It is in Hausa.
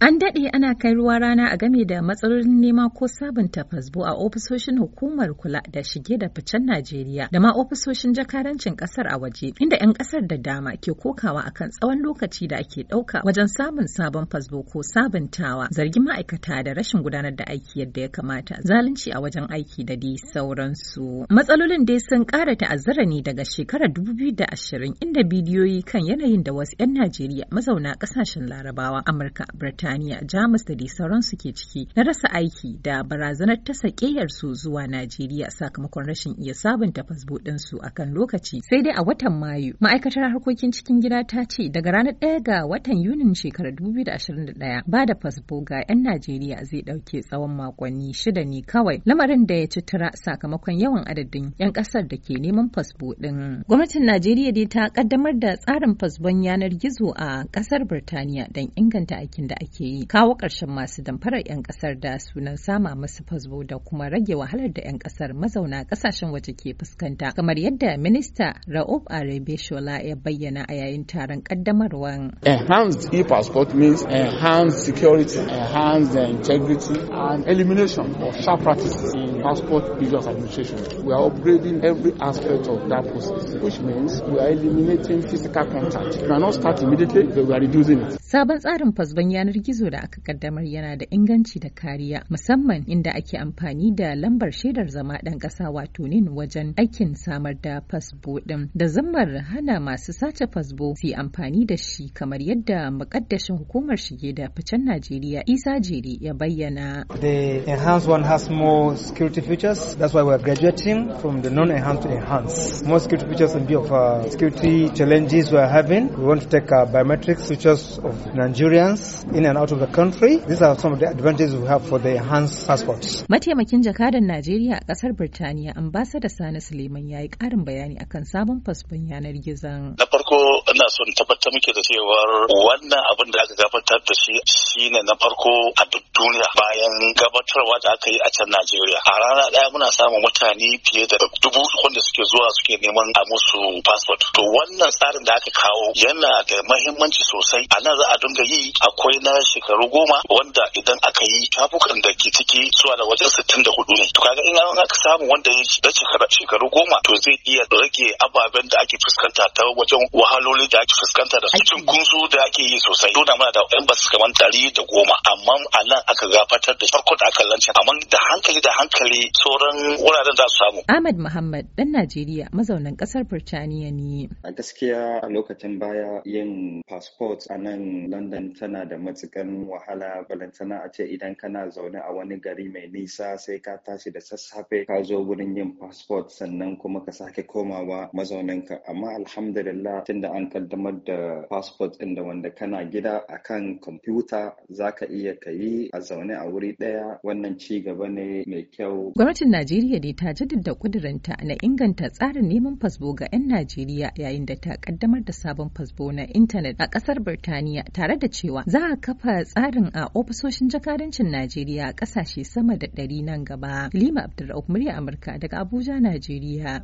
An daɗe ana kai ruwa rana a game da matsalolin nema ko sabunta fasbo a ofisoshin hukumar kula da shige da ficen Najeriya da ma ofisoshin jakarancin ƙasar a waje, inda 'yan ƙasar da dama ke kokawa a kan tsawon lokaci da ake ɗauka wajen samun sabon fasbo ko sabuntawa, zargin ma'aikata da rashin gudanar da aiki yadda ya kamata, zalunci a wajen aiki da dai sauransu. Matsalolin dai sun ƙara ta'azzara ne daga shekarar da ashirin, inda bidiyoyi kan yanayin da wasu 'yan Najeriya mazauna ƙasashen Larabawa, Amurka, Birtaniya Birtaniya, Jamus da dai sauransu ke ciki na rasa aiki da barazanar ta su zuwa Najeriya sakamakon rashin iya sabunta fasbo ɗinsu a kan lokaci. Sai dai a watan Mayu, ma'aikatar harkokin cikin gida ta ce daga ranar ɗaya ga watan Yunin shekarar 2021 ba da fasbo ga 'yan Najeriya zai ɗauke tsawon makonni shida ne kawai. Lamarin da ya ci tura sakamakon yawan adadin 'yan ƙasar da ke neman fasbo ɗin. Gwamnatin Najeriya dai ta ƙaddamar da tsarin fasbon yanar gizo a ƙasar Birtaniya don inganta aikin da ake ke yi kawo ƙarshen masu damfarar 'yan ƙasar da sunan sama masu fasbo da kuma rage wahalar da 'yan ƙasar mazauna ƙasashen waje ke fuskanta kamar yadda minista Raouf Arebe Shola ya bayyana a yayin taron ƙaddamarwan. Enhanced e-passport means enhanced security, enhanced integrity and elimination of sharp practices in passport business administration. We are upgrading every aspect of that process, which means we are eliminating physical contact. We are not start immediately, but we are reducing it. Sabon tsarin fasban yanar gizo da aka kaddamar yana da inganci da kariya musamman inda ake amfani da lambar shaidar zama ɗan ƙasa wato nin wajen aikin samar da fasbo ɗin da zammar hana masu sace fasbo su amfani da shi kamar yadda mukaddashin hukumar shige da ficen Najeriya Isa Jere ya bayyana. The enhanced one has more security features that's why we're graduating from the non-enhanced to enhanced. More security features in view of uh, security challenges we're having. We want to take uh, biometric features of Nigerians in and and out of the country. These are some of the advantages we have for the enhanced passports. Mataimakin jakadan Najeriya a kasar Birtaniya, Ambassador Sani Suleiman ya yi karin bayani akan sabon fasfon yanar gizon. Na farko ina son tabbatar muke da cewar wannan abin da aka gabatar da shi shine na farko a duk duniya bayan gabatarwa da aka yi a can Najeriya. A rana ɗaya muna samun mutane fiye da dubu wanda suke zuwa suke neman a musu passport. To wannan tsarin da aka kawo yana da mahimmanci sosai. A nan za a dinga yi akwai na shekaru goma wanda idan aka yi tafukan da ke ciki zuwa da wajen sittin da hudu ne to kaga in an aka samu wanda ya da shekaru goma to zai iya rage ababen da ake fuskanta ta wajen wahaloli da ake fuskanta da cikin kunsu da ake yi sosai dole muna da yan basu kaman dari da goma amma a nan aka gafatar da farko da aka lance amma da hankali da hankali sauran wuraren za su samu Ahmad Muhammad dan Najeriya mazaunin kasar Birtaniya ne a gaskiya a lokacin baya yin passport a nan London tana da matsi. ganin wahala balantana a ce idan kana zaune a wani gari mai nisa sai ka tashi da sassafe ka zo wurin yin passport sannan kuma ka sake komawa mazauninka amma alhamdulillah tunda an kaddamar da passport din da wanda kana gida akan kwamfuta zaka iya ka yi a zaune a wuri daya wannan ci gaba ne mai kyau. Gwamnatin Najeriya dai ta jaddada kudurinta na inganta tsarin neman fasbo ga 'yan Najeriya yayin da ta kaddamar da sabon fasbo na intanet a kasar Birtaniya tare da cewa za a kafa kafa tsarin a ofisoshin jakarancin Najeriya a ƙasashe sama da ɗari nan gaba. Lima Abdulrahman murya Amurka daga Abuja, Najeriya.